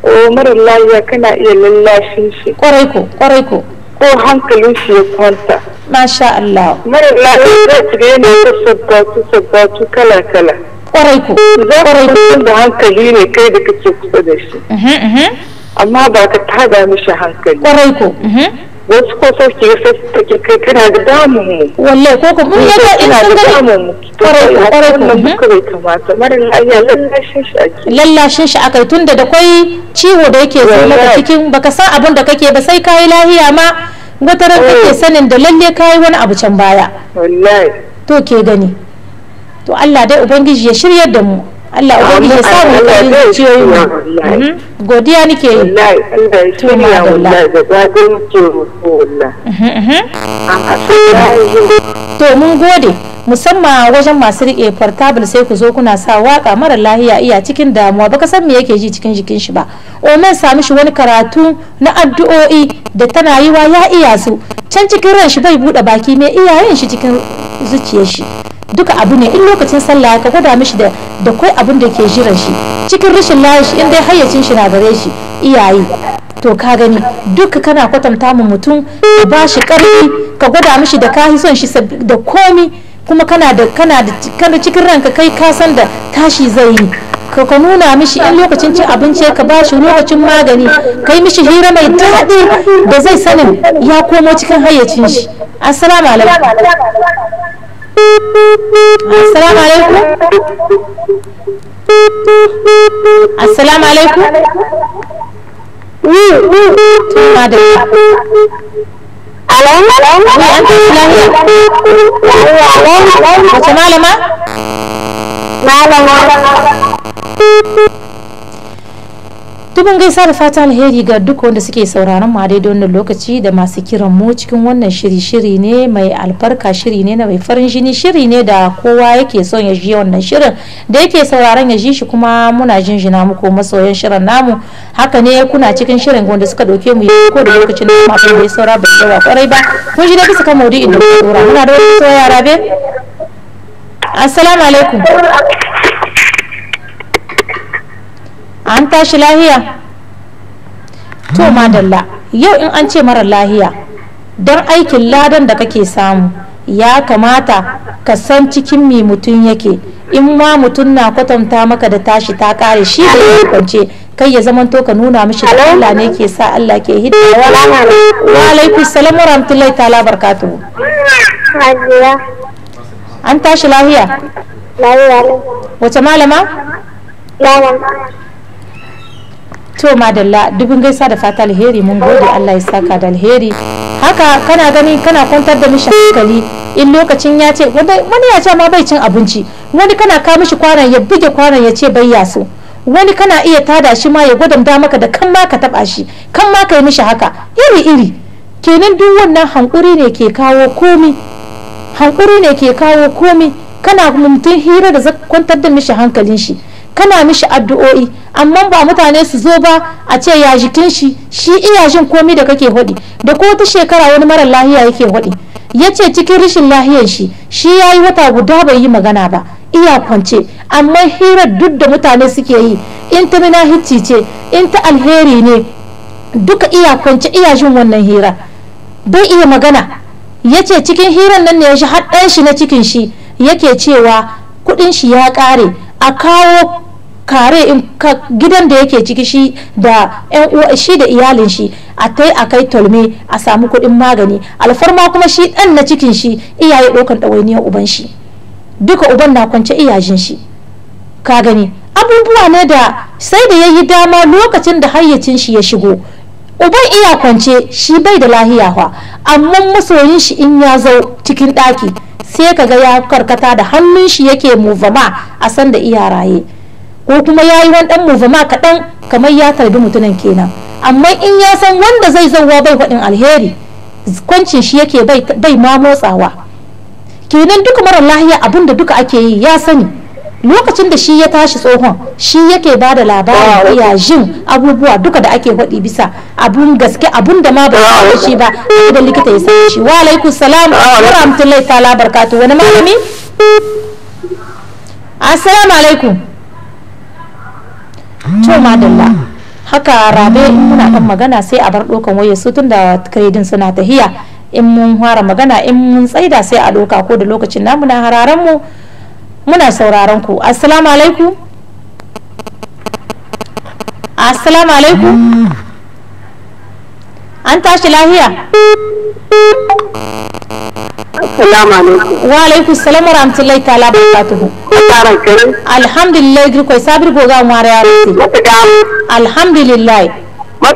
o oh, mara lafiya kana iya lallashe shi kwarai ko kwarai ko ko hankalin shi ya kwanta masha Allah mara lafiya zai tire ne ta sabbatu sabbatu kala kala kwarai ko kwarai ko da hankali ne kai da kake kusa da shi mhm, mhm. amma ba ka tada mishi hankali kwarai ko mhm. wasu ko so ki ta ke kai kana da damu wallai ko ko mun yato in sun ga damu mu kwarai kwarai ko mun mhm. kai kamata marin ayya lallashin shi ake lallashin shi akai tunda da kwai ciwo da yake zo maka cikin baka san abin da kake ba sai kai lahiya ma wata ran kake eh. sanin da lalle kai wani abu can baya wallahi to ke gani to Allah dai ubangiji ya shiryar da mu Allah ubangiji ya sa mu kai ciyoyi mhm. godiya nake yi mhm, mhm. to mun gode musamman wajen masu rike portable sai ku zo kuna sa waka mara lahiya iya cikin damuwa baka san me yake ji cikin jikin shi ba omen sami shi wani karatu na addu'o'i da tana yi wa ya iya su can cikin ran shi bai buɗe baki mai iyayen shi cikin zuciyar shi duka abu ne in lokacin sallah ka gwada mishi da da kai abin da ke jiran shi cikin rashin lashi in dai hayyacin shi na gare shi iyaye to ka gani duka kana kwatanta mu mutum ka ba shi karfi ka gwada mishi da kai son shi da komi kuma kana da kana da kana cikin ranka kai ka san da tashi zai yi ka ka nuna mishi in lokacin cin abinci ka ba shi lokacin magani ka yi mishi hira mai daɗi da zai sanin ya komo cikin hayyacin shi assalamu alaikum assalamu alaikum assalamu da Dubin gaisa da fata alheri ga duk wanda suke sauraron ma daidai wannan lokaci da masu kiran mu cikin wannan shiri shiri ne mai albarka shiri ne na mai farin jini shiri ne da kowa yake son ya ji wannan shirin da yake sauraron ya ji shi kuma muna jinjina muku masoyan shirin namu haka ne kuna cikin shirin wanda suka dauke mu ko da lokacin da abin da ya saura ba yawa kwarai ba kun ji da bisa kan maudu'in da ku muna da yara be assalamu alaikum an tashi lahiya to madalla yau in an ce mara lahiya don aikin ladan da kake samu ya kamata ka san cikin mai mutum yake in ma mutum na kwatanta maka da tashi ta kare shi da ya kwance kai ya zaman to ka nuna mishi da Allah ne ke sa Allah ke hidawa wa alaikum salam wa rahmatullahi ta'ala barkatu an tashi lahiya lahiya wace malama malama to madalla dubin gaisa da fata alheri mun gode Allah ya saka da alheri haka kana gani kana kwantar da mishi hankali in lokacin ya ce wani ya ce ma bai cin abinci wani kana ka mishi kwanan ya buge kwanan ya ce bai ya wani kana iya tada shi ma ya gwadanta maka da kan ma ka taba shi kan ma ka yi mishi haka iri iri kenan duk wannan hankuri ne ke kawo komi hankuri ne ke kawo komi kana mutum hira da kwantar da mishi hankalin shi kana mishi addu'o'i amma ba mutane su zo ba a ce ya jikin shi shi iya jin komi da kake hodi da ko ta shekara wani mara lahiya yake hodi ya ce cikin rashin lahiyar shi shi ya yi wata guda bai yi magana ba iya kwance amma hirar duk da mutane suke yi in ta mina hicci ce in ta alheri ne duka iya kwance iya jin wannan hira bai iya magana ya ce cikin hirar nan ne ya shi haɗɗan na cikin shi yake cewa kudin shi ya kare a kawo kare in ka gidan da yake ciki shi da shi da iyalin shi a tai a kai tolme a samu kuɗin magani alfarma kuma shi ɗan na cikin shi iyaye ɗaukan ɗawainiyar uban shi duka uban na kwance iyajin shi ka gani abubuwa ne da sai da ya yi dama lokacin da hayyacin shi ya shigo uban iya kwance shi bai da lahiyawa amma masoyin shi in ya zo cikin ɗaki sai kaga ya karkata da hannun shi yake muvama a san da iya raye ko kuma ya yi wani ɗan zama kaɗan kamar ya tarbi mutumin kenan amma in ya san wanda zai zauwa bai faɗin alheri kwancin shi yake bai ma motsawa kenan duka mara lahiya abin da duka ake yi ya sani lokacin da shi ya tashi tsohon shi yake ba da labarin iya jin abubuwa duka da ake faɗi bisa abun gaske abun da ma ba a shi ba da likita ya san shi wa alaikum salam wa rahmatullahi ta'ala barkatu wani malami assalamu alaikum to madalla haka rabe in muna kan magana sai a bar dokan waye su tunda kredin suna tahiya in mun fara magana in mun tsaida sai a doka ko da lokacin namu na hararen mu muna sauraron ku assalamu alaikum assalamu alaikum an tashi lahiya Assalamu alaikum. Wa alaikum salam wa rahmatullahi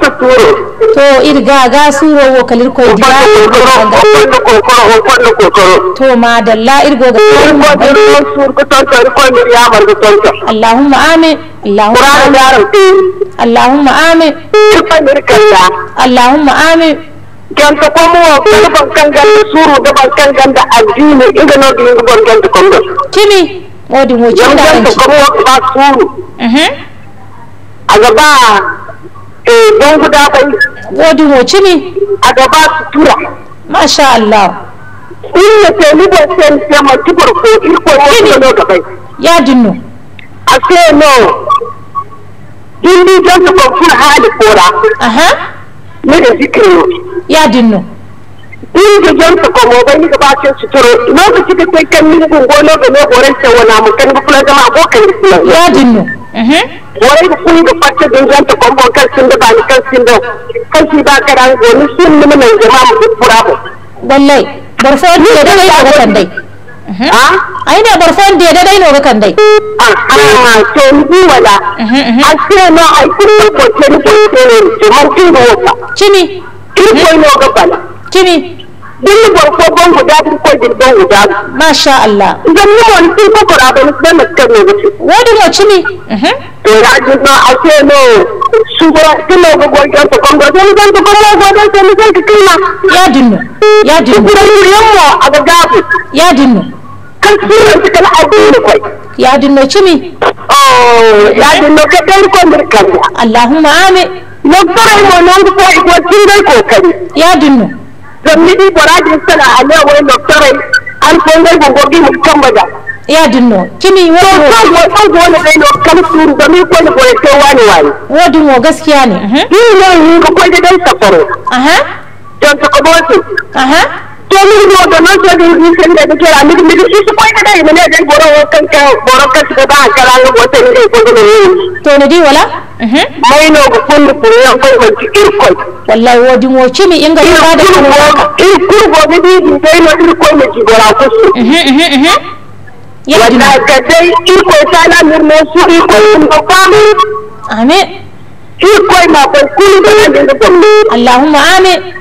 suro. To irga ga suro wo kalir koy diga. To ma dalla irgo ga. Allahumma amin. Allahumma jonta ko mo kala ban kanganda suru da ban kanganda addini, inga no bi ngi bon jonta kondo kimi odi mo jonta jonta ko mo ba suru mhm aga ba eh don guda bai odi mo kimi aga ba sutura masha Allah in ne ce ni da sen se ma tibur ko irko ko no ka bai ya dinno a ce no dindi jonta ko fur hali kora aha mbiɗa sikkiro yaadinno ɗum de jonta ko mo ɓayni ko ɓaten sutoroɗi lokaci ko koye kammingo goloɓe ɗo ko rente wonama kanko fulagama fof kandi fula yaadinno worayɓe ɓuyɗo patte de jonta kom on kalsinde bani kalsinde o kalsiba kaɗan goni sonnimenen jamama ɗum ɓuurako wallay goto fof ɗeɗaɗaɗatan day ai ne barfon da da dai no kan dai a ah, ah, to ni wala a ce no a kuma ko ce ni ko ce ni to har ni wata Cini. ni ko no ga bala chini dini barfo gon guda ki ko din gon guda masha Allah idan ni wani ki ko ko abin da na kan ne wadi no cini. to ya ji no a ce no shugaba kilo ga gwargiyar ta kwango sai mu ta kwango gwadon sai mu zanta kila ya dinno ya dinno gudan mu a ga ya dinno kan sirrin suka la adini koy ya dinno cimi oh ya dinno ka dai ko mir allahumma amin no farai mo non ko ko tingal ko kan ya dinno zammi di borajin sala ale wa no farai an fongal go gogi mu kan ya dinno cimi wo ko ko ko go ne no kan suru zammi ko ne ko te wani wani wo dinno gaskiya ne eh ni ne ko ko da dan safaro aha don ta ko aha tonidi wala maino ko fondi pour yon ko ko irkol wallahi wodi mo cimi inga ko da irkol go mi di dai no irkol mi ci gora ko wallahi ka dai irkol sala mir mo su irkol ko pam amin irkol ma ko kulu da da Allahumma amin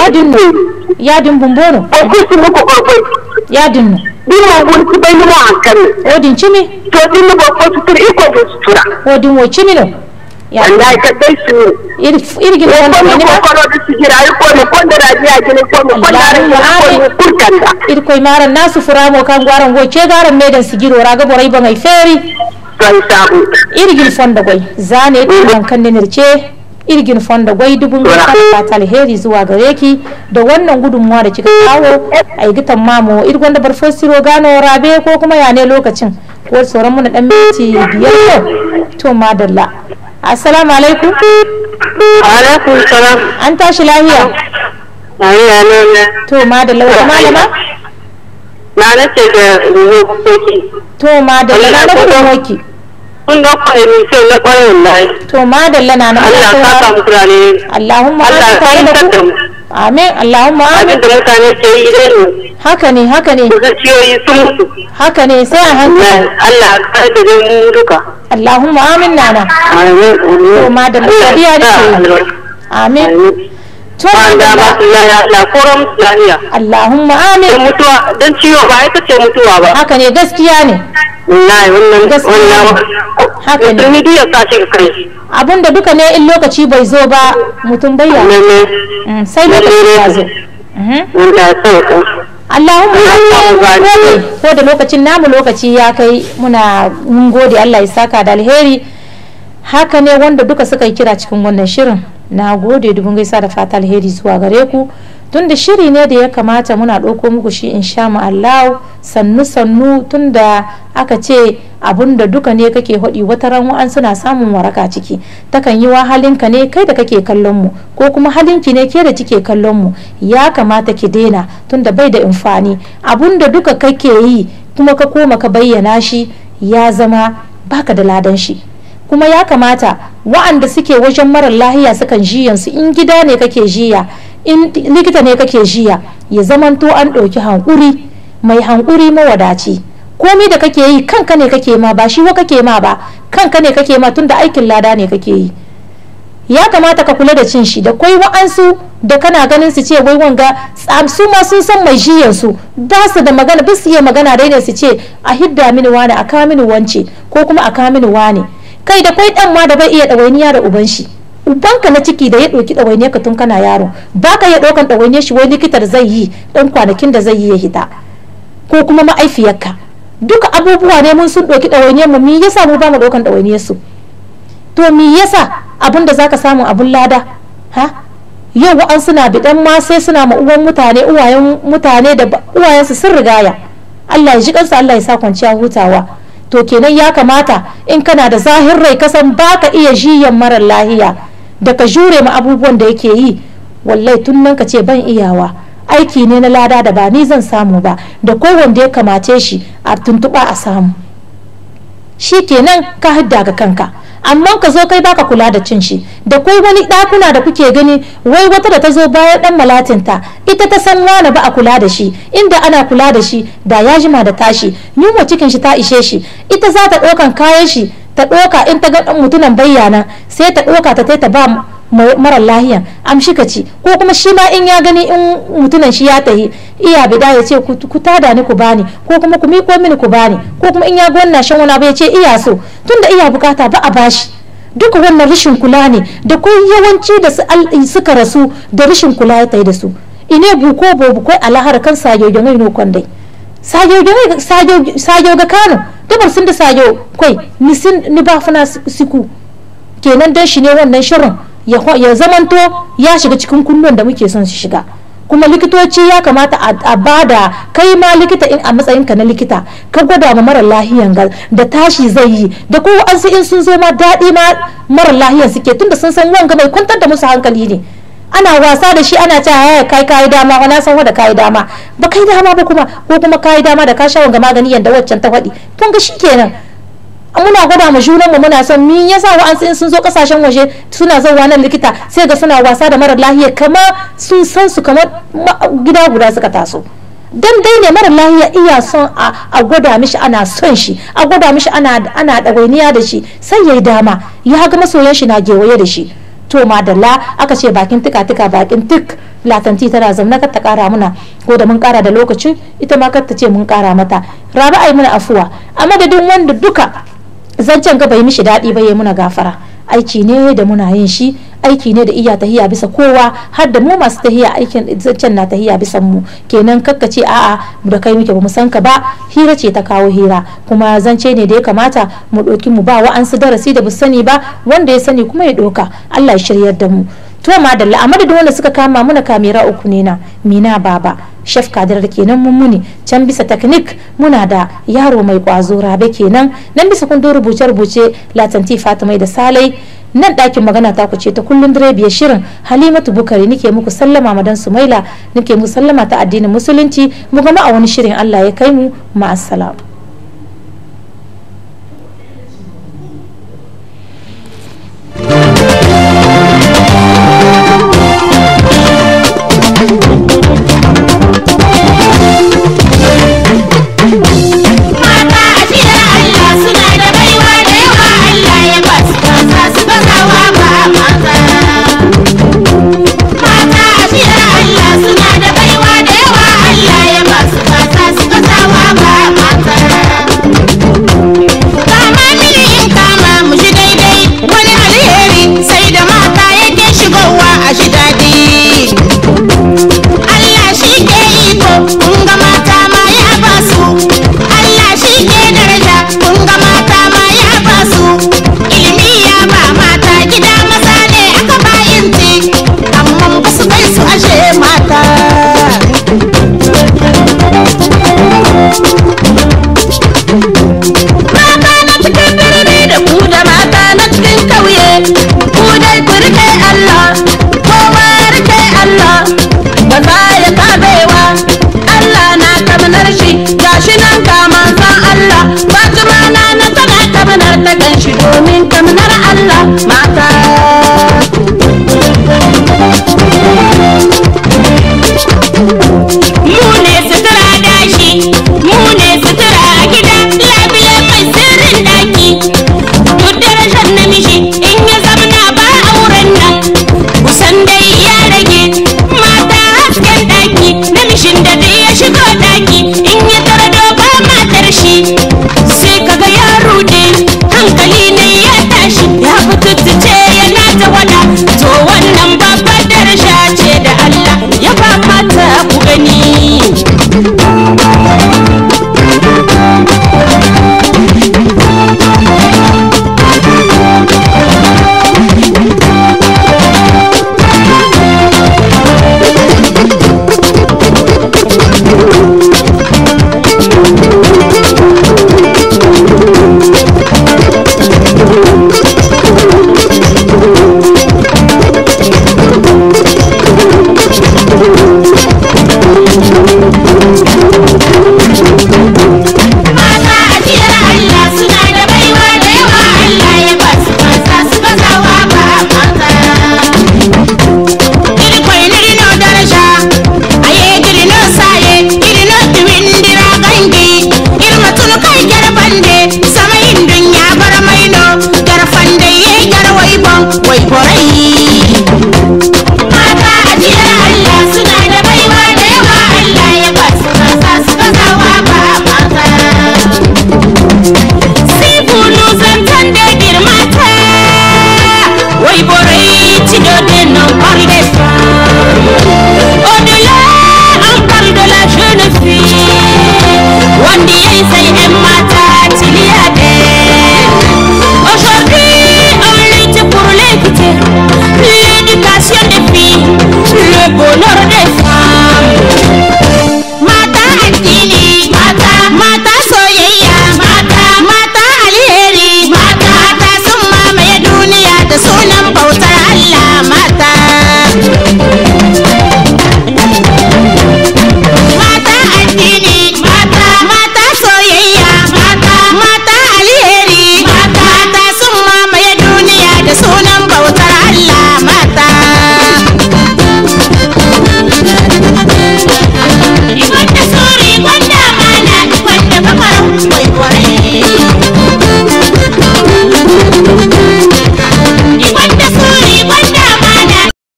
yadin nu yadin bumboro o kusi muku orkoi yadin nu din ma won bai numa hankali odin cimi. to din mu ko sutur iko ko sutura odin wo chimi no ya ka dai su ir ir gina wannan ne ko ko da su gira ko ne ko da rajiya gina ko ne ko da rajiya ko ne kurkata ir koi maran nasu furamo kan gwaran wo ce garan me dan sigiro raga borai ba mai feri irgil fonda goy zane ɗin kan nenirce irgin fonda gwai dubun ta alheri zuwa gare ki da wannan gudunmuwa da kika kawo a igitan mamu irgon da barfo siro gano rabe ko kuma ya ne lokacin ko sauran mu na dan minti biyar to madalla assalamu alaikum alaikum salam an tashi lafiya to madalla wata malama na nace da to madalla na gudunmuwa ki kun da kwaye min sai na to na Allah ka ka yi da amin Allahumma amin da mutane ke yi idan haka ne haka ne sun mutu haka ne sai a hankali Allah ka da mu duka Allahumma amin nana amin to biya da amin Allahumma amin. mutuwa don ciwo ba ita ce mutuwa ba. Haka ne gaskiya ne. Wallahi wannan gaskiya wannan haka ne. Mutum ya sace kai. Abinda duka ne in lokaci bai zo ba mutum bai ya. Mm, ne. Sai mhm. lokaci ya zo. Allahumma amin. Ko da lokacin namu lokaci ya kai muna mun gode Allah ya saka da alheri. Haka ne wanda duka suka yi kira cikin wannan shirin. na gode dubin gaisa da fata alheri zuwa gare ku tunda shiri ne da ya kamata muna ɗauko muku shi in sha Allah sannu sannu tunda aka ce abun da duka ne kake haɗi wata ran an suna samun waraka ciki takan yi wa halinka ne kai da kake kallon mu ko kuma halinki ne ke da kike kallon mu ya kamata ki daina tunda bai da amfani abun da duka kake yi kuma ka koma ka bayyana shi ya zama baka da ladan shi kuma ya kamata wa'anda suke wajen marar lahiya sukan jiyansu in gida ne kake jiya in likita ne kake jiya ya zamanto an ɗauki hankuri mai hankuri mawadaci komai da kake yi kanka ne kake ma ba shi wa kake ma ba kanka ne kake ma tunda aikin lada ne kake yi ya kamata ka kula da cin shi da kwai wa'ansu da kana ganin su ce wai wanga su ma sun san mai jiyan su ba su da magana bisu iya magana dai ne su ce a hidda mini wani a mini wance ko kuma a kawo mini wani kai da kwai dan ma da bai iya dawainiya da uban shi ubanka na ciki da ya ɗauki ɗawainiyar ka tun kana yaro ba ka iya ɗaukan ɗawainiyar shi wai likitar zai yi ɗan kwanakin da zai yi ya hita ko kuma ma'aifiyarka duka abubuwa ne mun sun ɗauki ɗawainiyar mu me yasa mu ba mu ɗaukan ɗawainiyar su to me yasa abin da zaka samu abun lada ha yau wa'an suna biɗan ma sai suna ma uwan mutane uwayen mutane da uwayensu sun rigaya Allah ya ji kansu Allah ya sa kwanciya hutawa to kenan ya kamata in kana da zahir rai kasan ba ka iya jiyan marar lahiya da ka jure ma abubuwan da yake yi wallai tun nan ka ce ban iyawa aiki ne na lada da ba ni zan samu ba da kowanne ya kamace shi a tuntuɓa a samu shi kenan ka hadda ga kanka amma ka zo kai baka kula da cin shi da kai wani ɗakuna da kuke gani wai wata da ta zo bayan ɗan ta ita ta san wani ba a kula da shi inda ana kula da shi da ya jima da tashi yunwa cikin shi ta ishe shi ita za ta ɗaukan kayan shi ta ɗauka in ta ga ɗan mutunan bayyana sai ta ɗauka ta ta ba marar lahiya amshi ka ci ko kuma shi ma in ya gani in mutunan shi ya tahi iya bida ya ce ku tada ni ku bani ko kuma ku miko mini ku bani ko kuma in ya gwanna shan wani abu ya ce iya so tunda iya bukata ba a bashi duka wannan rashin kula ne da ko yawanci da su suka rasu da rashin kula ya tai da su ine buko bo kai alahar kan sajojo mai nokon dai sajojo ga kano dabar sun da sajo kai ni ba funa siku kenan dan shi ne wannan shirin ya zamanto ya shiga cikin kunnuwan da muke son su shiga kuma likitoci ya kamata a bada kai ma likita in a matsayin ka na likita ka gwada ma mara lahiyan gal da tashi zai yi da ko an in sun zo ma daɗi ma mara lahiyan suke tunda sun san wanga mai kwantar da musu hankali ne ana wasa da shi ana cewa yaya kai kai dama na san wanda kai dama ba kai dama ba kuma ko kuma kai dama da ka sha wanga magani yanda waccan ta faɗi kun ga shikenan muna gwada ma junanmu muna son mi yasa wa'ansu in sun zo kasashen waje suna zauwa nan likita sai ga suna wasa da marar lahiya kamar sun san su kamar gida guda suka taso dan dai ne marar lahiya iya son a gwada mishi ana son shi a gwada mishi ana ana ɗawainiya da shi sai yayi dama ya ga masoyan shi na gewaye da shi to madalla aka ce bakin tuka tuka bakin tuk latanti tana zamna kar ta kara muna ko da mun kara da lokaci ita ma kar ta ce mun kara mata rabi ai muna afuwa a madadin wanda duka zancen ga bai mishi daɗi ba ya muna gafara aiki ne da muna yin shi aiki ne da iya tahiya bisa kowa har da mu masu tahiya aikin zancen na tahiya bisa mu kenan kakkace a'a da kai muke ba mu san ka ba hira ce ta kawo hira kuma zance ne da ya kamata mu ɗauki mu ba wa'ansu darasi da bu sani ba wanda ya sani kuma ya ɗauka Allah ya shiryar da mu to madalla amma da wanda suka kama muna kamera uku ne na mina baba chef da kenan mun muni can bisa teknik muna da yaro mai kwazo rabe kenan nan bisa kun rubuce rubuce latanti fatima da salai nan ɗakin magana ta kuce ta kullum direbiyar shirin halimatu bukari nike muku sallama madan sumaila nike muku sallama ta addinin musulunci mu gama a wani shirin allah ya kai mu ma'assalam thank